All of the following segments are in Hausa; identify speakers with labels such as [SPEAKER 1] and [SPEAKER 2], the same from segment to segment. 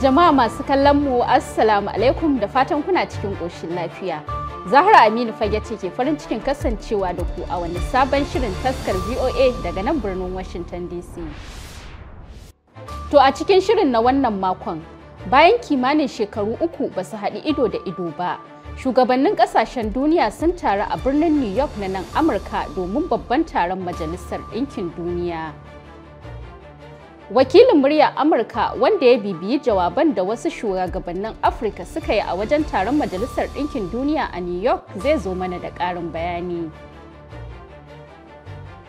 [SPEAKER 1] Jama'a masu kallon mu Assalamu alaikum da fatan kuna cikin ƙoshin lafiya. Zahra Aminu fage ce ke farin cikin kasancewa da ku a wani sabon shirin taskar VOA daga nan birnin Washington DC. To a cikin shirin na wannan makon, bayan kimanin shekaru uku ba su haɗi ido da ido ba, shugabannin ƙasashen duniya sun taru a birnin New York na nan Amurka domin babban taron Majalisar Ɗinkin Duniya. wakilin murya amurka wanda ya bibiyi jawaban da wasu shugabannin afirka suka yi a wajen taron majalisar ɗinkin duniya a new york zai zo mana da ƙarin bayani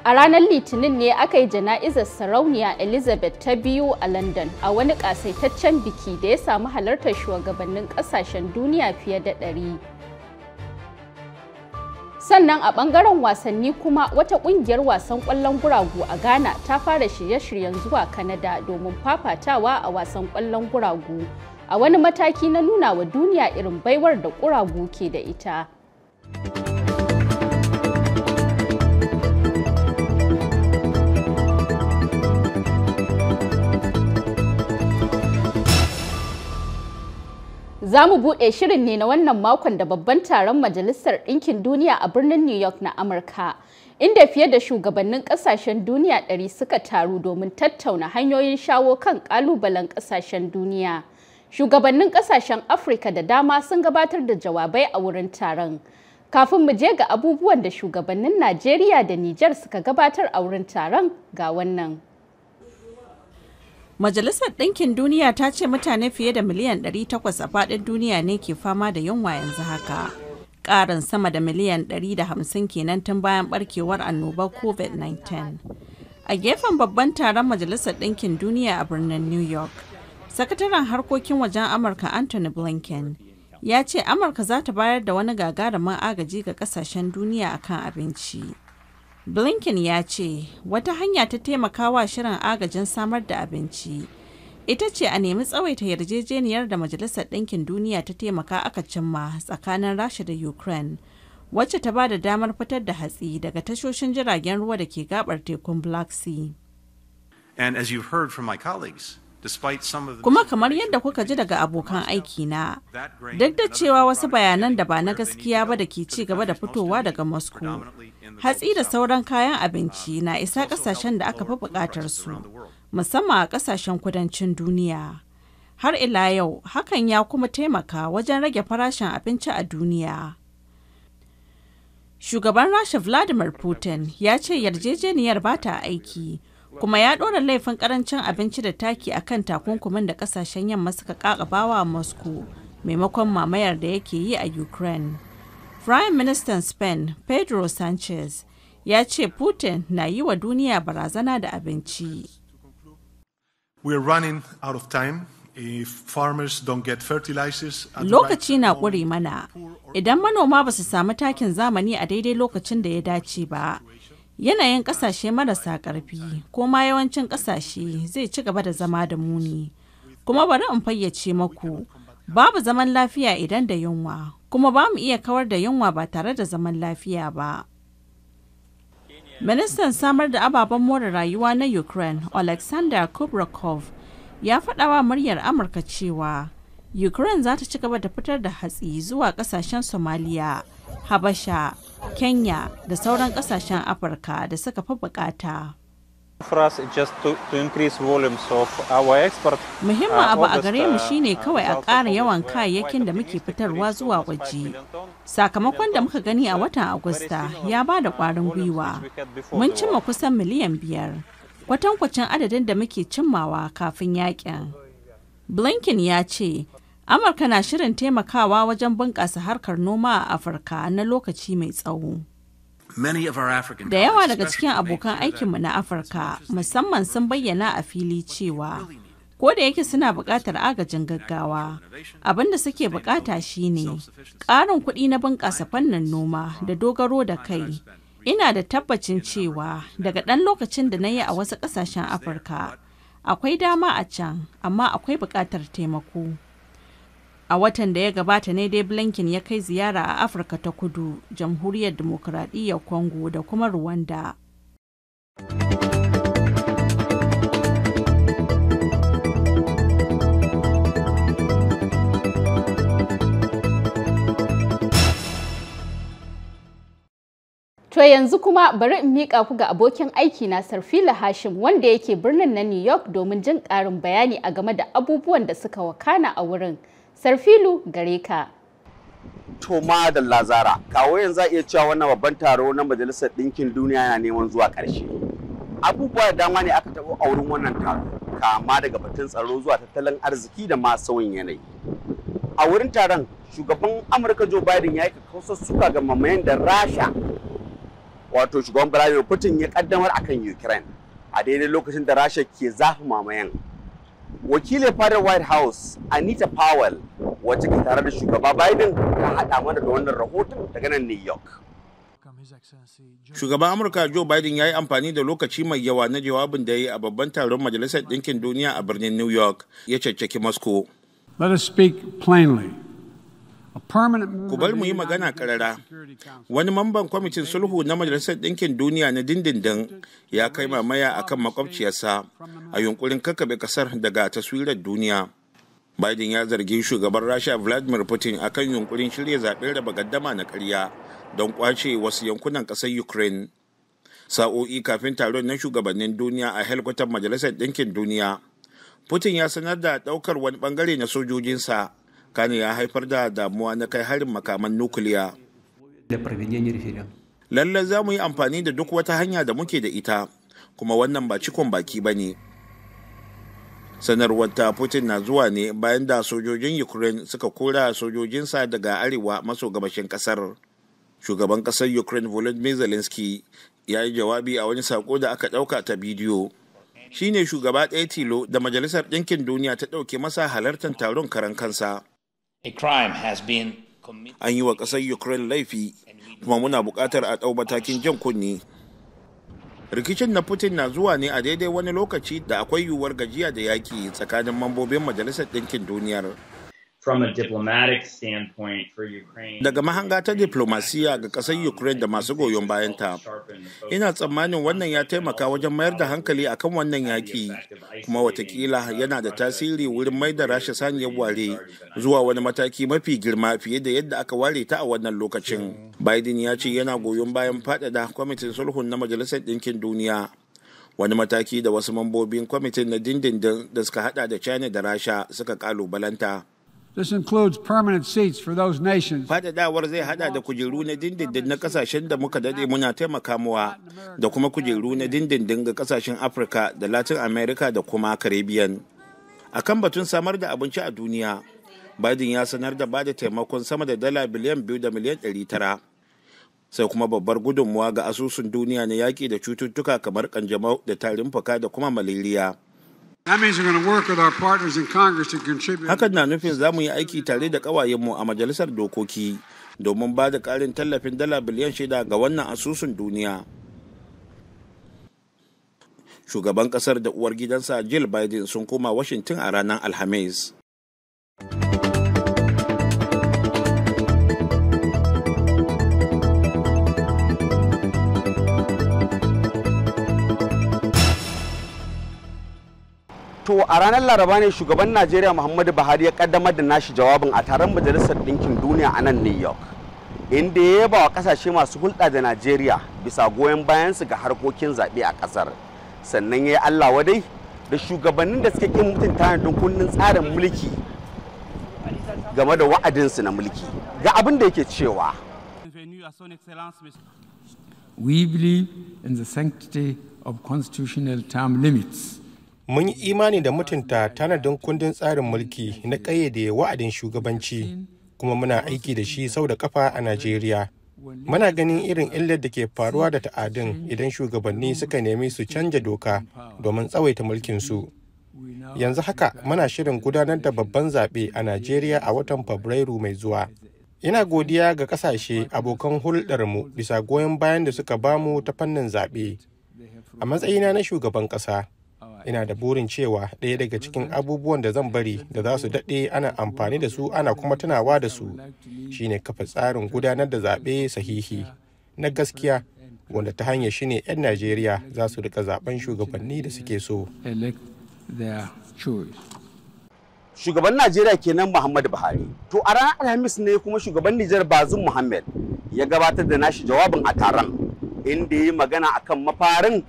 [SPEAKER 1] a ranar litinin ne aka yi jana'izar sarauniya elizabeth ta biyu a london a wani ƙasaitaccen biki da ya samu halartar shugabannin ƙasashen duniya fiye da ɗari sannan a ɓangaren wasanni kuma wata ƙungiyar wasan ƙwallon guragu a ghana ta fara shirye-shiryen zuwa kanada domin fafatawa a wasan ƙwallon guragu a wani mataki na nuna wa duniya irin baiwar da guragu ke da ita. Za mu buɗe shirin ne na wannan makon da babban taron Majalisar Ɗinkin Duniya a birnin New York na Amurka, inda fiye da shugabannin ƙasashen duniya ɗari suka taru domin tattauna hanyoyin shawo kan ƙalubalen ƙasashen duniya. Shugabannin ƙasashen Afirka da dama sun gabatar da jawabai a wurin taron. Kafin mu je ga abubuwan da shugabannin Najeriya da Nijar suka gabatar a wurin taron ga wannan. Majalisar
[SPEAKER 2] Ɗinkin Duniya ta ce mutane fiye da miliyan 800 a faɗin duniya ne ke fama da yunwa yanzu haka. Ƙarin sama da miliyan 150 kenan tun bayan barkewar annobar COVID-19. A gefen babban taron Majalisar Ɗinkin Duniya a birnin New York, Sakataren harkokin wajen Amurka Anthony Blinken ya ce Amurka za ta bayar da wani gagarumin agaji ga ƙasashen duniya akan abinci. blinken ya ce wata hanya ta taimakawa shirin agajin samar da abinci ita ce a nemi tsawaita yarjejeniyar da majalisar ɗinkin duniya ta taimaka aka cimma tsakanin rasha da ukraine wacce ta ba da damar fitar da hatsi daga tashoshin jiragen ruwa da ke gabar tekun black sea
[SPEAKER 3] and as you've heard from my colleagues
[SPEAKER 2] Kuma kamar yadda kuka ji daga abokan aikina, duk da cewa wasu bayanan da ba na gaskiya ba da ke ci gaba da fitowa daga Moscow, hatsi da sauran kayan abinci na isa ƙasashen da aka fi bukatar su, musamman a ƙasashen kudancin duniya. Har ila yau, hakan ya kuma taimaka wajen rage farashin abinci a duniya. Shugaban Rasha Vladimir Putin ya ce yarjejeniyar ba ta aiki. kuma ya ɗora laifin ƙarancin abinci da taki a kan takunkumin da ƙasashen yamma suka ƙaƙabawa a moscow maimakon mamayar da yake yi a ukraine prime minister spain pedro sanchez ya ce putin na yi wa duniya barazana da abinci lokaci na ƙure mana idan manoma ba su samu takin zamani a daidai lokacin da ya dace ba Yanayin kasashe marasa karfi ko ma yawancin kasashe zai ci gaba da zama da muni. Kuma bari in fayyace maku, babu zaman lafiya idan da yunwa, kuma ba mu iya kawar da yunwa ba tare da zaman lafiya ba. Ministan samar da ababen more rayuwa na Ukraine, Alexander Kubrakov, ya faɗawa muryar Amurka cewa Ukraine za ta ci gaba da fitar da hatsi zuwa ƙasashen Somalia, Habasha, kenya da sauran kasashen afirka da suka fi bukata uh,
[SPEAKER 4] muhimmin abu a gare mu uh, shine kawai
[SPEAKER 2] a ƙara yawan kayayyakin da muke fitarwa zuwa waje sakamakon da muka gani a watan agusta ya ba da ƙwarin gwiwa mun cimma kusan miliyan biyar kwatankwacin adadin da muke cimmawa kafin yakin blinken ya ce Amurka na shirin taimakawa wajen bunƙasa harkar noma a Afirka na lokaci mai tsawo.
[SPEAKER 3] Da yawa daga cikin abokan
[SPEAKER 2] aikinmu na Afirka musamman sun bayyana a fili cewa ko da yake suna buƙatar agajin gaggawa abin da suke buƙata shine ƙarin kuɗi na bunƙasa fannin noma da dogaro da kai. Ina da tabbacin cewa daga ɗan lokacin da na yi a wasu ƙasashen Afirka akwai dama a can amma akwai buƙatar taimako. a watan da ya gabata ne dai blinken ya kai ziyara a afirka ta kudu jamhuriyar demokuraɗiyyar congo da kuma rwanda
[SPEAKER 1] To yanzu kuma bari in miƙa ku ga abokin aiki na Sarfila Hashim wanda yake birnin na New York domin jin ƙarin bayani a game da abubuwan da suka wakana a wurin. Sarfilu gare ka.
[SPEAKER 5] Toma da Lazara, kawo yanzu za iya cewa wannan babban taro na Majalisar Ɗinkin Duniya yana neman zuwa ƙarshe. Abubuwa da dama ne aka taɓa a wurin wannan taro, kama daga batun tsaro zuwa tattalin arziki da ma sauyin yanayi. A wurin taron, shugaban Amurka Joe Biden ya yi kakkausar suka ga mamayen da Rasha, wato shugaban Vladimir Putin ya ƙaddamar akan Ukraine. A daidai lokacin da Rasha ke zafi mamayen. wakilin fadar white house anita powell wacce ke tare da shugaba biden ta haɗa mana da wannan rahoton daga nan new york Shugaban Amurka Joe
[SPEAKER 6] Biden ya yi amfani da lokaci mai yawa na jawabin da ya yi a babban taron Majalisar Ɗinkin Duniya a birnin New York ya caccaki Moscow.
[SPEAKER 7] Let speak plainly. Ku
[SPEAKER 6] bar mu yi magana karara. Wani mamban kwamitin sulhu na Majalisar Ɗinkin Duniya na dindindin ya kai mamaya akan makwabciyarsa a yunkurin kakkaɓe ƙasar daga taswirar duniya. Biden ya zargi shugaban Rasha Vladimir Putin a kan yunkurin shirya zaɓen raba gaddama na karya don ƙwace wasu yankunan ƙasar Ukraine. Sa'o'i kafin taron na shugabannin duniya a helikwatar Majalisar Ɗinkin Duniya, Putin ya sanar da ɗaukar wani ɓangare na sojojinsa kani ya haifar da damuwa na kai harin makaman nukiliya lallai za mu yi amfani da duk wata hanya da muke da ita kuma wannan ba cikon baki ba ne sanarwar ta putin na zuwa ne bayan da sojojin ukraine suka kora sojojinsa daga arewa maso gabashin kasar shugaban kasar ukraine volodymyr zelensky ya yi jawabi a wani sako da aka ɗauka ta bidiyo shi ne shugaba ɗaya tilo da majalisar ɗinkin duniya ta ɗauke masa halartar taron karan kansa An yi wa ƙasar Ukraine laifi kuma muna buƙatar a ɗau matakin jan kunni. Rikicin na Putin na zuwa ne a daidai wani lokaci da akwai yiwuwar gajiya da yaki tsakanin mambobin Majalisar Ɗinkin Duniyar. Daga mahanga ta diplomasiya ga ƙasar Ukraine da masu goyon bayanta, ina tsammanin wannan ya taimaka wajen mayar da hankali akan wannan yaki kuma watakila yana da tasiri wurin mai da rasha saniyar ware zuwa wani mataki mafi girma fiye da yadda aka ware ta a wannan lokacin biden ya ce yana goyon bayan faɗaɗa kwamitin sulhun na majalisar ɗinkin duniya wani mataki da wasu mambobin kwamitin na dindindin da suka hada da china da rasha suka kalubalanta
[SPEAKER 7] This includes permanent seats for those nations.
[SPEAKER 6] faɗaɗawar zai haɗa da kujeru na dindindin na kasashen da muka daɗe muna taimaka muwa da kuma kujeru na dindindin ga kasashen Afirka da Latin America da kuma Caribbean. A kan batun samar da abinci a duniya, Biden ya sanar da bada taimakon sama da dala biliyan biyu da miliyan ɗari tara. Sai kuma babbar gudunmuwa ga asusun duniya na yaƙi da cututtuka kamar kanjamau da tarin fuka da kuma maleriya. Hakan na nufin za mu yi aiki tare da ƙawayenmu a Majalisar Dokoki domin ba da ƙarin tallafin dala biliyan shida ga wannan asusun duniya. Shugaban ƙasar da uwar gidansa Jill Biden sun koma Washington a ranar Alhamis.
[SPEAKER 5] to a ranar laraba ne shugaban najeriya muhammadu buhari ya kaddamar da nashi jawabin a taron majalisar ɗinkin duniya a nan new york inda ya yaba wa kasashe masu hulɗa da najeriya bisa goyon bayansu ga harkokin zaɓe a ƙasar sannan ya yi allah wadai da shugabannin da suke ƙin mutunta don kundin tsarin mulki game da wa'adinsu na mulki ga abin da yake cewa We believe in the
[SPEAKER 8] sanctity of constitutional term limits. mun yi imani da mutunta tanadin kundin tsarin mulki na ƙayyade wa'adin shugabanci kuma muna aiki da shi sau da kafa a najeriya muna ganin irin illar da ke faruwa da ta'adin idan shugabanni suka nemi su canja doka domin tsawaita mulkinsu yanzu haka muna shirin gudanar da babban zaɓe a najeriya a watan fabrairu mai zuwa ina godiya ga ƙasashe abokan hulɗarmu bisa goyon bayan da suka bamu ta fannin zaɓe a matsayina na shugaban ƙasa ina da burin cewa ɗaya daga cikin abubuwan da zan bari da za su daɗe ana amfani da su ana kuma tunawa da su shine kafa tsarin gudanar da zaɓe sahihi na gaskiya wanda ta hanyar shine 'yan najeriya za su rika zaben shugabanni da suke so
[SPEAKER 5] shugaban najeriya kenan muhammadu buhari to a ranar alhamis ne kuma shugaban nijar bazin muhammad ya gabatar da nashi jawabin a taron inda ya yi magana akan mafarin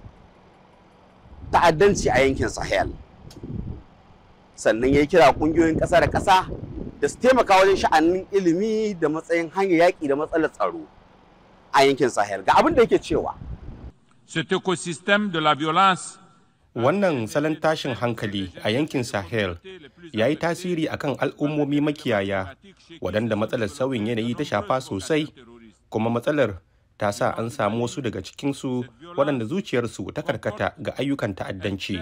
[SPEAKER 5] ta'addanci a yankin sahel sannan ya kira ƙungiyoyin ƙasa da ƙasa da su taimaka wajen sha'anin ilimi da matsayin hanyar yaƙi da matsalar tsaro a yankin sahel ga abin da yake cewa cet
[SPEAKER 8] écosystème de la violence Wannan salon tashin hankali a yankin Sahel ya yi tasiri akan al'ummomi makiyaya waɗanda matsalar sauyin yanayi ta shafa sosai, kuma matsalar ta sa an samu wasu daga cikinsu waɗanda zuciyarsu ta karkata ga ayyukan ta'addanci.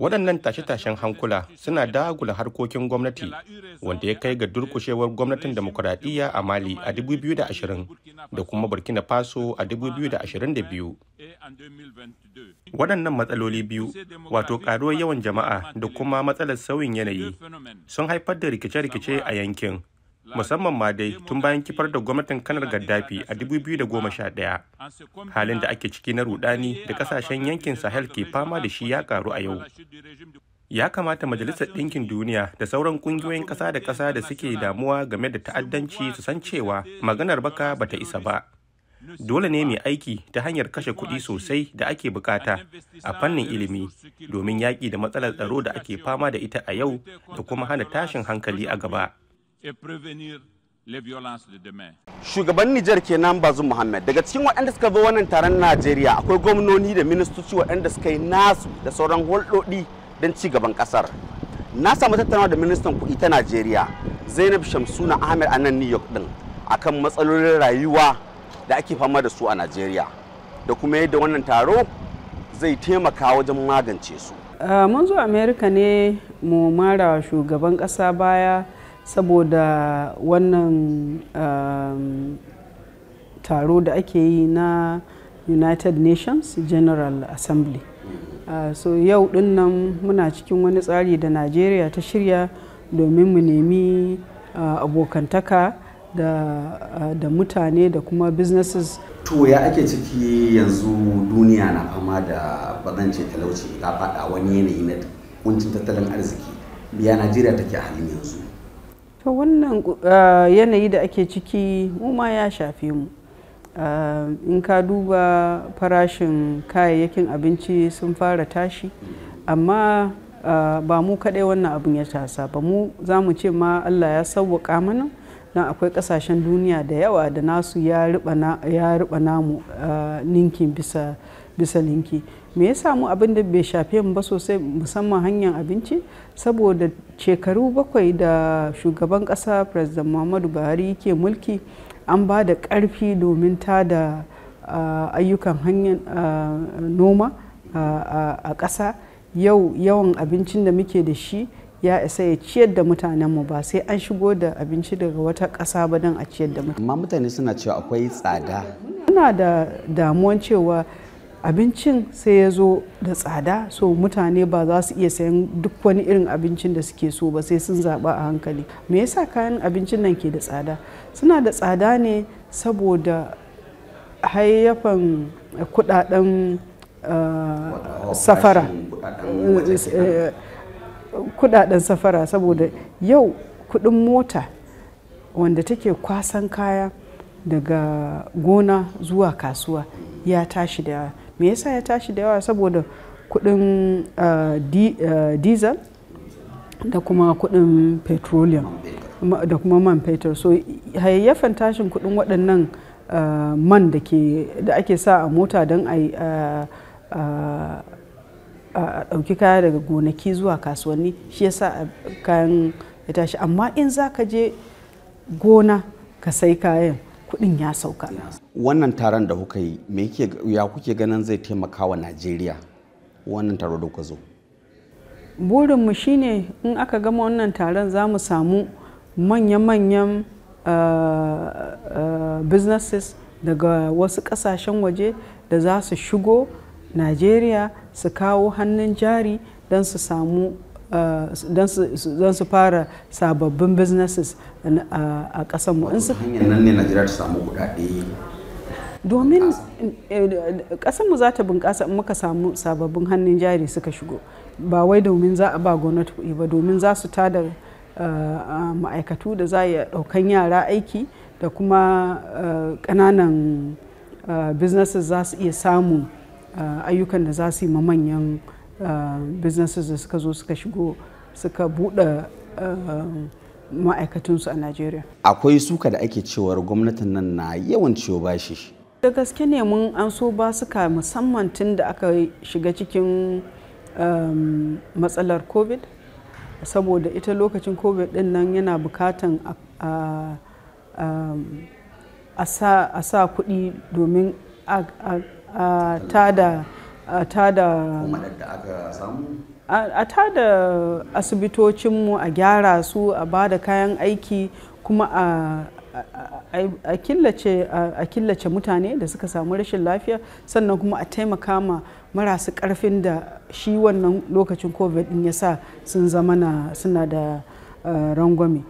[SPEAKER 8] Waɗannan tashe-tashen hankula suna dagula harkokin gwamnati wanda ya kai ga durkushewar gwamnatin demokuraɗiyya a Mali a 2020 da kuma Burkina Faso a 2022. Waɗannan matsaloli biyu, wato ƙaruwar yawan jama'a da kuma matsalar sauyin yanayi, sun haifar da rikice-rikice a yankin. musamman ma dai tun bayan kifar da gwamnatin kanar gaddafi a 2011 halin da ake ciki na rudani da kasashen yankin sahel ke fama da shi ya karu a yau ya kamata majalisar ɗinkin duniya da sauran ƙungiyoyin ƙasa da ƙasa da suke damuwa game da ta'addanci su san cewa maganar baka ba ta isa ba dole ne mai aiki ta hanyar kashe kuɗi sosai da ake bukata a fannin ilimi domin yaƙi da matsalar tsaro da ake fama
[SPEAKER 5] da ita a yau da kuma hana tashin hankali a gaba.
[SPEAKER 4] et prévenir les violences de demain.
[SPEAKER 5] Shugaban Nijar kenan bazu Muhammad daga cikin waɗanda suka zo wannan taron Najeriya akwai gwamnoni da ministoci waɗanda suka yi nasu da sauran hulɗoɗi don ci gaban ƙasar. Na samu tattaunawa da ministan kuɗi ta Najeriya Zainab Shamsuna Ahmed a nan New York ɗin akan matsalolin rayuwa da ake fama da su a Najeriya da kuma yadda wannan taro zai taimaka wajen magance su.
[SPEAKER 7] Eh, mun zo america ne mu mara shugaban ƙasa baya saboda wannan um, taro da ake yi na united nations general assembly uh, so yau din muna cikin wani tsari da nigeria ta shirya domin mu nemi uh, abokantaka da, uh, da mutane da kuma businesses
[SPEAKER 5] to ya ake ciki yanzu duniya na fama da bazance talauci ta fada wani yanayi na kuncin tattalin arziki biya najeriya take a halin yanzu
[SPEAKER 7] to wannan ah, yanayi da ake ciki mu ma ya shafe mu ah, in ka duba farashin kayayyakin abinci sun fara tashi amma ah, ba mu kaɗai wannan abin ya tasa ba mu za mu ce ma allah ya sauwaƙa mana don akwai ƙasashen duniya da yawa da nasu ya riɓa namu ninkin bisa ninki me ya samu abin da bai shafe mu ba sosai musamman hanyar abinci saboda shekaru bakwai da shugaban kasa president muhammadu buhari yake mulki an ba da karfi domin ta da ayyukan hanyar noma a ƙasa yau yawan abincin da muke da shi ya isa ya ciyar da mutanenmu ba sai an shigo da abinci daga wata ƙasa ba don a ciyar da mutane suna cewa akwai tsada muna da damuwan cewa abincin sai ya zo da tsada so mutane ba za su iya sayan duk wani irin abincin da suke so ba sai sun zaɓa a hankali me yasa kayan abincin nan ke da tsada suna da tsada ne saboda hayyafan kudaden eh, safara kudaden safara saboda yau kudin mota wanda take kwasan kaya daga gona zuwa kasuwa ya tashi da me yasa ya tashi da yawa saboda kudin eh, eh, diesel da kuma kudin petroleum da kuma man fetur so hayayyafan tashin kudin waɗannan eh, man da ake sa a mota don a ɗauki kaya daga gonaki zuwa kasuwanni shi yasa kayan ya tashi amma in za ka je gona ka sai kayan kudin ya sauka
[SPEAKER 5] wannan taron da kuka yi me ya kuke ganin zai taimaka wa najeriya wannan taro da kuka zo
[SPEAKER 7] burinmu shine in aka gama wannan taron za mu samu manya-manyan eh, eh, businesses daga wasu ƙasashen waje da za su shigo najeriya su kawo hannun jari don su samu Eh, don su fara sababbin businesses a ƙasanmu. hanyar nan ne
[SPEAKER 5] najeriya ta samu kudade
[SPEAKER 7] domin eh, eh, ƙasanmu za ta bunƙasa in muka samu sababbin hannun jari suka shigo ba wai domin za a ba gwamnati kuɗi ba domin za su tada ma'aikatu da za a ɗaukan yara aiki da kuma ƙananan businesses za su iya samun ayyukan da za su yi ma manyan Uh, businesses da suka zo suka shigo suka buɗe uh, ma'aikatunsu a Najeriya.
[SPEAKER 5] Akwai suka da ake cewar gwamnatin nan na yawan ciwo bashi.
[SPEAKER 7] Da gaske ne mun an so ba suka musamman tun da aka shiga cikin um, matsalar COVID. Saboda ita lokacin COVID din nan yana bukatan um, a sa kuɗi domin a tada a tada asibitocinmu a gyara su a ba da kayan aiki kuma a killace mutane da suka samu rashin lafiya sannan kuma a taimaka ma marasu karfin da shi wannan lokacin covid ya sa sun zama suna da eh, rangwame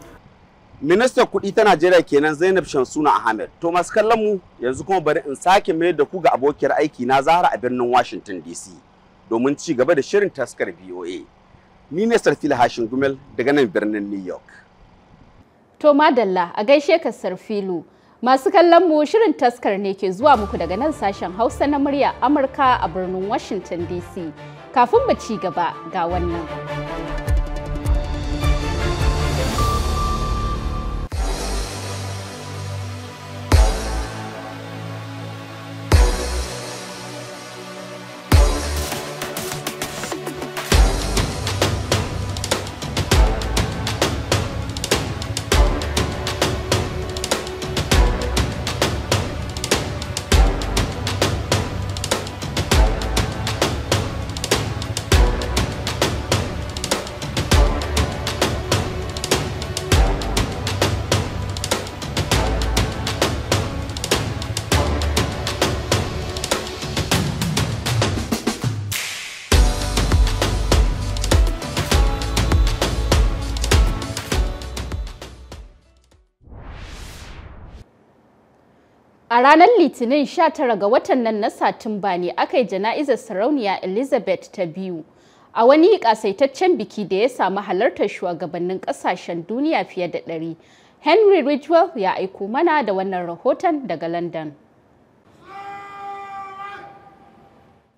[SPEAKER 5] ministan kuɗi ta najeriya kenan zainab shamsuna ahmed to masu kallon mu yanzu kuma bari in sake mayar da ku ga abokiyar aiki na zahara a birnin washington dc domin ci gaba da shirin taskar voa ni ne sarfila hashin gumel daga nan birnin new york
[SPEAKER 1] to madalla a gaishe ka sarfilu masu kallon mu shirin taskar ne ke zuwa muku daga nan sashen hausa na murya amurka a birnin washington dc kafin mu ci gaba ga wannan. A ranar Litinin 19 ga watan nan na Satumba ne aka yi jana'izar sarauniya Elizabeth ta biyu a wani kasaitaccen biki da ya samu halartar shugabannin kasashen duniya fiye da ɗari. Henry Ridgewell ya aiko mana da wannan rahoton daga London.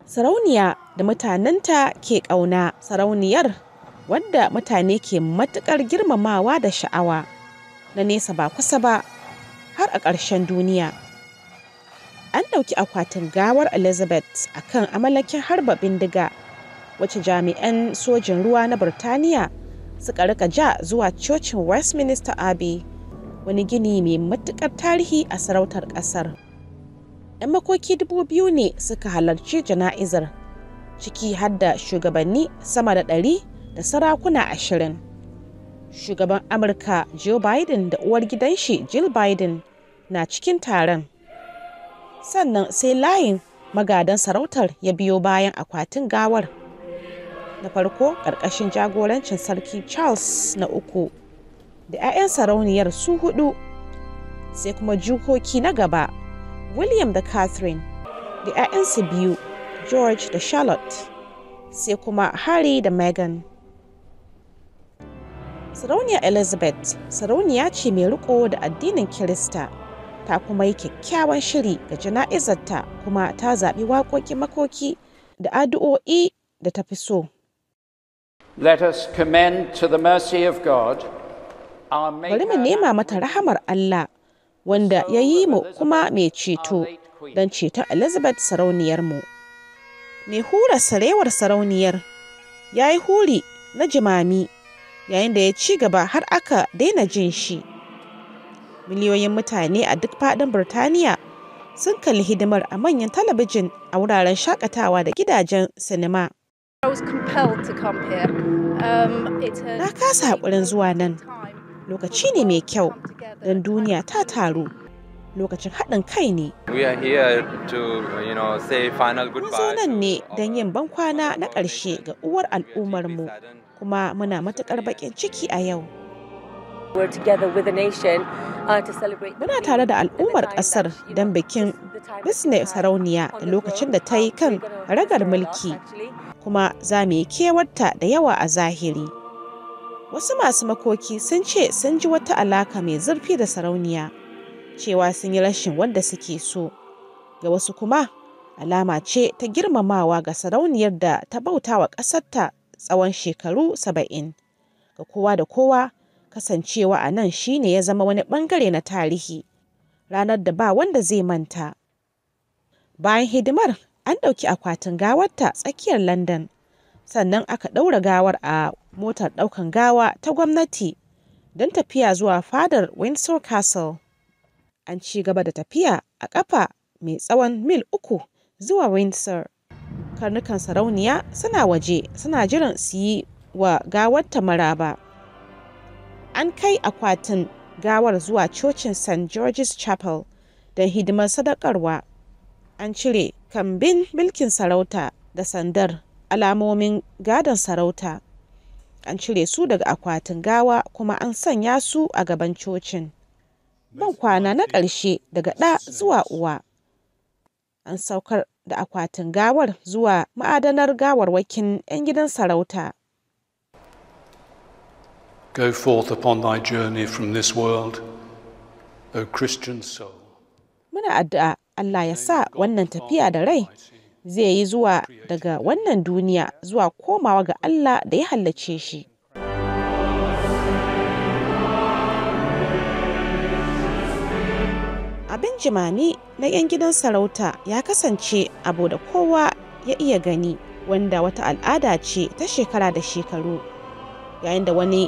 [SPEAKER 3] Sarauniya da mutanenta ke ƙauna sarauniyar wadda mutane ke matuƙar girmamawa da sha'awa na nesa ba kusa ba har a ƙarshen duniya. an ɗauki akwatin gawar elizabeth a kan amalakin harba bindiga wacce jami'an sojin ruwa na birtaniya suka rika ja zuwa cocin westminster abbey wani gini mai matuƙar tarihi a sarautar ƙasar 'yan makoki dubu biyu ne suka halarci jana'izar ciki har da shugabanni sama da ɗari da sarakuna ashirin shugaban amurka joe biden da uwar gidan shi jill biden na cikin taron sannan sai layin magadan sarautar ya biyo bayan akwatin gawar na farko ƙarƙashin jagorancin sarki charles na uku da 'ya'yan sarauniyar su hudu sai kuma jukoki na gaba william da catherine da 'ya'yansu biyu george da charlotte sai kuma harry da megan. sarauniya elizabeth sarauniya ce mai riko da addinin kirista ta kuma yi kyakkyawan shiri ga jana'izarta kuma ta zaɓi waƙoƙi makoki da addu'o'i da ta fi so.
[SPEAKER 6] Let us commend to the mercy of God
[SPEAKER 3] Bari mu nema mata rahamar Allah wanda ya yi mu kuma mai ceto don ceton Elizabeth mu. Mai hura sarewar sarauniyar ya yi huri na jimami yayin da ya ci gaba har aka daina jin shi. miliyoyin mutane a duk faɗin Birtaniya sun kalli hidimar a manyan talabijin a wuraren shakatawa da gidajen sinima.
[SPEAKER 1] Um, na kasa
[SPEAKER 3] haƙurin zuwa nan. Lokaci ne mai kyau don duniya ta taru. Lokacin haɗin kai ne.
[SPEAKER 9] Mun zo
[SPEAKER 3] nan ne don yin bankwana na ƙarshe ga uwar al'ummarmu kuma muna matuƙar
[SPEAKER 2] baƙin ciki a yau. Uh, Muna
[SPEAKER 3] tare da al'ummar ƙasar don bikin Disney sarauniya da lokacin da ta yi kan ragar mulki kuma za mu yi kewarta da yawa a zahiri. Wasu masu makoki sun ce sun ji wata alaka mai zurfi da sarauniya, cewa sun yi rashin wanda suke so. Ga wasu kuma, alama ce ta girmamawa ga sarauniyar da ta bauta wa ƙasarta tsawon shekaru saba'in. Ga kowa da kowa, Kasancewa a nan shi ne ya zama wani bangare na tarihi, ranar da ba wanda zai manta. Bayan hidimar, an ɗauki akwatin gawarta tsakiyar London, sannan aka ɗaura gawar a motar ɗaukan gawa ta gwamnati don tafiya zuwa fadar Windsor Castle. An ci gaba da tafiya a ƙafa mai tsawon mil uku zuwa Windsor. Karnukan sarauniya suna waje suna jiran su yi wa gawarta maraba. an kai akwatin gawar zuwa cocin st george's chapel don hidimar sadakarwa an cire kambin milkin sarauta da sandar alamomin gadon sarauta an cire su daga akwatin gawa kuma an sanya su a gaban cocin ban kwana na ƙarshe daga ɗa zuwa uwa an saukar da akwatin gawar zuwa ma'adanar gawarwakin 'yan gidan sarauta
[SPEAKER 9] Go forth upon thy journey from this world, O Christian soul.
[SPEAKER 3] Muna addu'a Allah ya sa wannan tafiya da rai zai yi zuwa daga wannan duniya zuwa komawa ga Allah da ya hallace shi. Abin jimami na 'yan gidan sarauta ya kasance abu da kowa ya iya gani wanda wata al'ada ce ta shekara da shekaru yayin da wani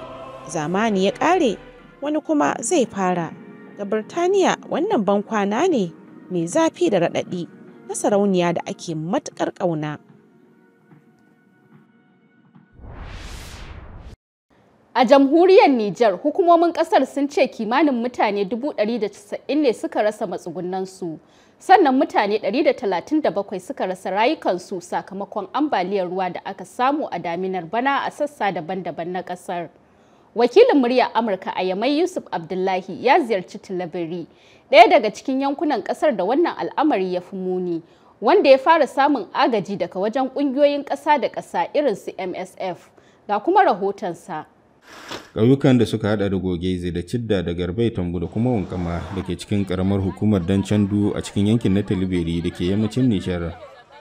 [SPEAKER 3] zamani ya ƙare wani kuma zai fara ga birtaniya wannan bankwana ne mai zafi da raɗaɗi na sarauniya da ake matuƙar ƙauna
[SPEAKER 1] A jamhuriyar Nijar, hukumomin ƙasar sun ce kimanin mutane 190 ne suka rasa matsugunansu, sannan mutane 137 suka rasa rayukansu sakamakon ambaliyar ruwa da aka samu a daminar bana a sassa daban-daban na ƙasar wakilin muryar amurka a yamai yusuf abdullahi ya ziyarci tilabiri ɗaya daga cikin yankunan ƙasar da wannan al'amari ya fi muni wanda ya fara samun agaji daga wajen ƙungiyoyin ƙasa da ƙasa irin su msf ga kuma rahotonsa
[SPEAKER 4] ƙauyukan da suka hada da zai da cidda da garbai tambu da kuma wankama da ke cikin karamar hukumar candu a cikin yankin na tilibiri da ke yammacin nishar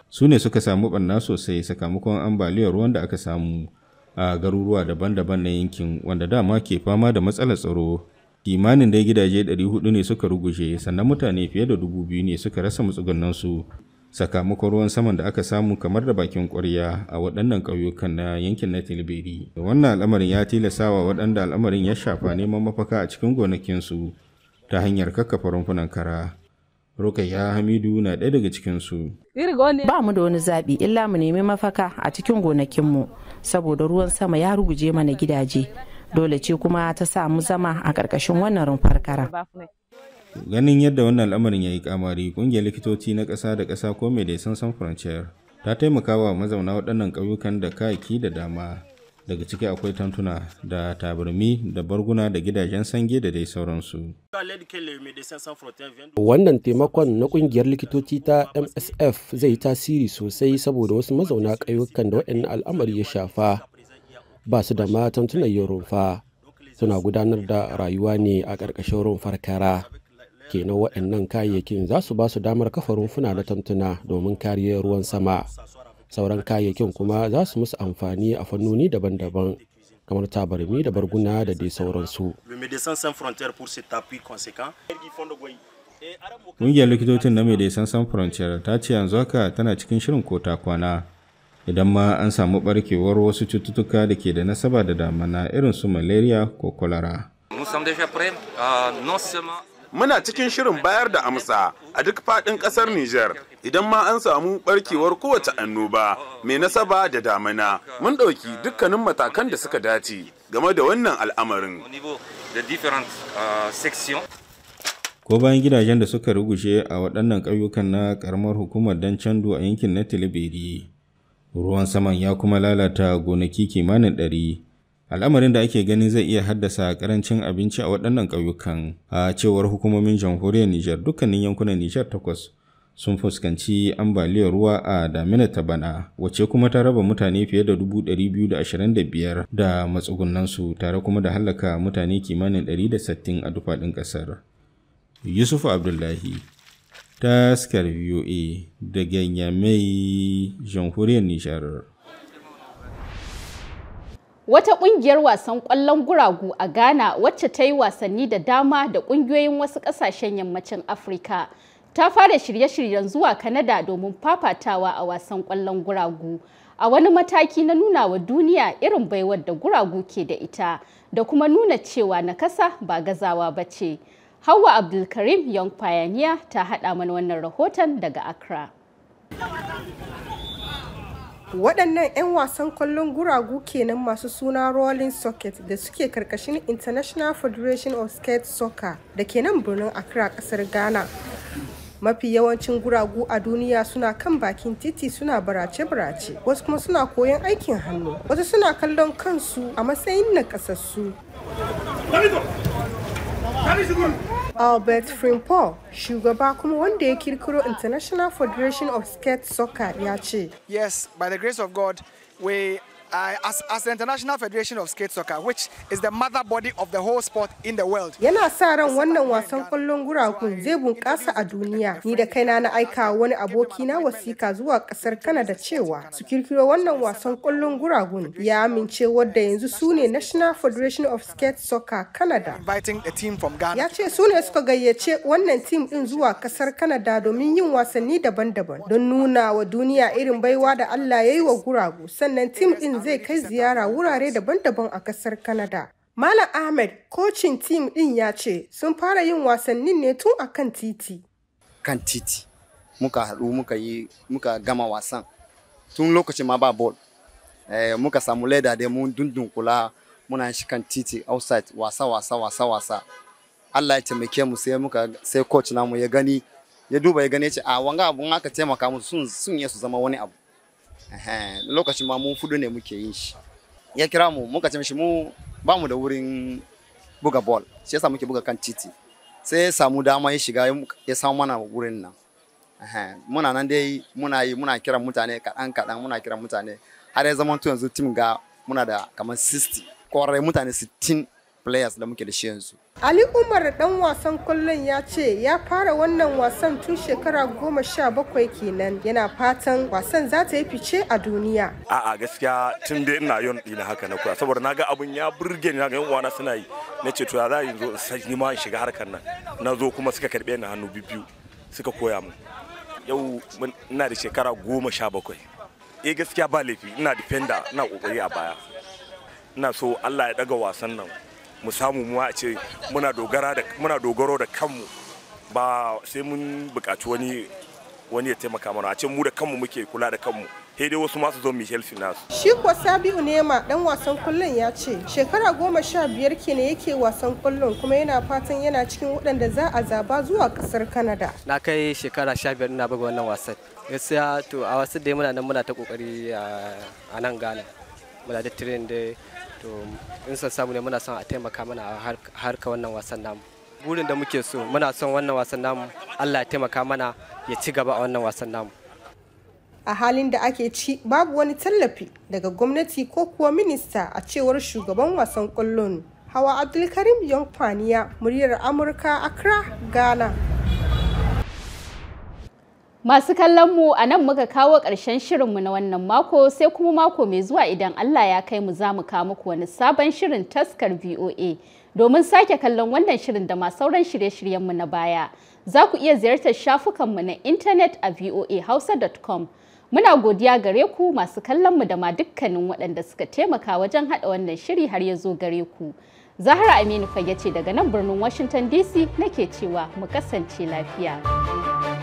[SPEAKER 4] su ne suka samu ɓanna sosai sakamakon ambaliyar ruwan da aka samu a garuruwa daban-daban na yankin wanda dama ke fama da matsalar tsaro kimanin dai gidaje 400 ne suka ruguje sannan mutane fiye da 2000 ne suka rasa matsugunansu sakamakon ruwan saman da aka samu kamar da bakin ƙwarya a waɗannan ƙauyukan na yankin na tilberi wannan al'amarin ya wa waɗanda al'amarin ya shafa neman mafaka a cikin gonakinsu ta hanyar kakkafa rumfunan kara Rukayya Hamidu na ɗaya daga cikinsu.
[SPEAKER 7] Ba mu da wani
[SPEAKER 3] zaɓi illa mu nemi mafaka a cikin gonakin mu. saboda ruwan sama ya ruguje mana gidaje dole ce kuma ta samu zama a ƙarƙashin wannan rumfar kara.
[SPEAKER 4] ganin yadda wannan al'amarin ya yi kamari ƙungiyar likitoci na ƙasa da ƙasa ko mai da san san ta taimaka wa mazauna waɗannan ƙauyukan da kayaki da dama daga ciki akwai tantuna da tabarmi da barguna da gidajen sange da dai sauransu
[SPEAKER 5] wannan taimakon na kungiyar likitoci ta msf zai yi tasiri sosai saboda wasu mazauna ƙauyukan da waɗannan al'amari ya shafa ba su da ma tantunan yin rumfa suna gudanar da rayuwa ne a ƙarƙashin rumfar kara kenan waɗannan kayayyakin za su ba su damar kafa rumfuna na tantuna domin kariyar ruwan sama sauran kayayyakin kuma za su musu amfani a fannoni daban-daban kamar tabarmi da barguna da dai sauransu.
[SPEAKER 4] Ƙungiyar likitocin na mai Medecins Sans Frontier ta ce yanzu haka tana cikin shirin kota kwana idan ma an samu barkewar wasu cututtuka da ke da nasaba da damana irin su malaria ko kwalara.
[SPEAKER 6] muna cikin shirin bayar da amsa a duk faɗin ƙasar Nijar idan ma an samu ɓarkewar kowace annoba mai nasaba da damana mun ɗauki dukkanin matakan da suka dace game da wannan al'amarin. Euh,
[SPEAKER 4] Ko bayan gidajen da suka rugushe a waɗannan ƙauyukan na ƙaramar hukumar don cando a yankin na Tilibiri, ruwan saman ya kuma lalata gonaki kimanin ɗari al'amarin da ake ganin zai iya haddasa karancin abinci a waɗannan ƙauyukan a cewar hukumomin jamhuriyar Nijar dukkanin yankunan Nijar takwas sun fuskanci ambaliyar ruwa a damina ta bana wacce kuma ta raba mutane fiye da dubu biyu da da da biyar matsugunansu tare kuma da hallaka mutane kimanin ɗari da sittin a dufaɗin ƙasar yusuf abdullahi taskar voa daga yamai jamhuriyar Nijar.
[SPEAKER 1] Wata ƙungiyar wasan ƙwallon guragu a Ghana wacce ta yi wasanni da dama da ƙungiyoyin wasu ƙasashen yammacin Afirka. Ta fara shirye-shiryen zuwa Kanada domin fafatawa a wasan ƙwallon guragu. A wani mataki na nuna wa duniya irin baiwar da guragu ke da ita da kuma nuna cewa na kasa ba gazawa ba ce. Hauwa Abdulkarim Young Pioneer ta haɗa mana wannan rahoton daga Accra. waɗannan 'yan wasan kwallon guragu kenan masu suna rolling socket
[SPEAKER 9] da suke karkashin international federation of skate soccer da ke nan birnin accra ƙasar ghana mafi yawancin guragu a duniya suna kan bakin titi suna barace-barace wasu kuma suna koyon aikin hannu wasu suna kallon kansu a matsayin nakasassu Albert Frimpong, shugaba kuma one day kirkiro International Federation of Skate Soccer Yachi. Yes, by the grace of God, we uh, as, as the International Federation of Skate Soccer, which is the mother body of the whole sport in the world. Yana sa ran wannan wasan kwallon gurakun zai bunƙasa a duniya. Ni da kaina na aika wani abokina na wasika zuwa ƙasar Canada cewa su kirkiro wannan wasan kwallon guragun ya amince wadda yanzu su ne National Federation of Skate Soccer Canada. Ya ce su ne suka gayyace wannan tim din zuwa ƙasar Canada domin yin wasanni daban-daban don nuna wa duniya irin baiwa da Allah ya yi wa guragu sannan tim din zai kai ziyara wurare daban-daban a kasar Canada. Malam Ahmed, kocin tim din ya ce sun fara yin wasannin ne tun a
[SPEAKER 5] kan titi. Kan titi, muka haɗu muka yi muka gama wasan. Tun lokacin ma ba bol. Eh, muka samu leda da mun dundun kula muna shi kan titi outside wasa wasa wasa wasa. Allah ya taimake mu sai muka sai coach namu ya gani ya duba ya gane ce a ah, wanga abun aka taimaka musu sun sun su zama wani abu. lokacin ma mu fudu ne muke yin shi ya kira mu muka ce mishi mu ba mu da wurin buga ball sai yasa muke buga kan titi sai ya samu dama ya shiga ya samu mana wurin nan muna nan dai muna yi muna kiran mutane kaɗan kaɗan muna kiran mutane har ya zama to yanzu tim ga muna da kamar 60 kwarai mutane 60 players da muke da shi yanzu.
[SPEAKER 9] Ali Umar dan wasan kwallon ya ce ya fara wannan wasan tun shekara goma sha bakwai kenan yana fatan wasan za ta yi fice a duniya.
[SPEAKER 5] A'a gaskiya tun dai ina yon ɗina haka na koya saboda na ga abin ya burge ni na ga wana suna yi na ce to za a yi zo sai ma in shiga harkar nan na zo kuma suka karɓe ni hannu biyu suka koya mu. Yau ina da shekara goma sha bakwai. Eh gaskiya ba laifi ina defender ina kokari a baya. ina so Allah ya daga wasan nan mu samu mu a ce muna dogaro da kanmu ba sai mun buƙaci wani wani ya taimaka mana a ce mu da kanmu muke kula da kanmu sai dai wasu masu zo Michel Finance.
[SPEAKER 9] Shi ko Sabiu Nema dan wasan kullun ya ce shekara goma sha biyar ke ne yake wasan kullun kuma yana fatan yana cikin waɗanda za a zaba zuwa ƙasar kanada. Na kai shekara sha biyar ina buga wannan wasan. Gaskiya to a wasu da muna nan muna ta kokari a nan Ghana. Muna da train da to in san samu ne muna son a taimaka mana a harka wannan wasan namu burin da muke so muna son wannan wasan namu allah ya taimaka mana ya ci gaba a wannan wasan namu a halin da ake ci babu wani tallafi daga gwamnati ko kuwa minista a cewar shugaban wasan
[SPEAKER 1] kullun hawa abdulkarim yankwaniya muryar amurka accra ghana Masu kallon mu a nan muka kawo ƙarshen shirinmu na wannan mako sai kuma mako mai zuwa idan Allah ya kai mu za mu kawo muku wani sabon shirin taskar VOA domin sake kallon wannan shirin da ma sauran shirye-shiryenmu na baya. Za ku iya ziyartar shafukanmu na intanet a voahausa.com. Muna godiya gare ku masu kallon mu da ma dukkanin waɗanda suka taimaka wajen haɗa wannan shiri har ya zo gare ku. Zahra Aminu fage ce daga nan birnin Washington DC nake cewa mu kasance lafiya.